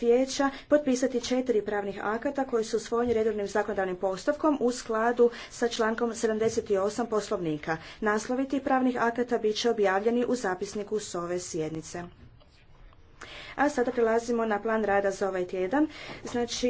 vijeća potpisati četiri pravnih akata koji su usvojeni redovnim zakonodavnim postavkom u skladu sa člankom 78 poslovnika. Naslovi tih pravnih akata bit će objavljeni u zapisniku s ove sjednice. A sada prelazimo na plan rada za ovaj tjedan. Znači,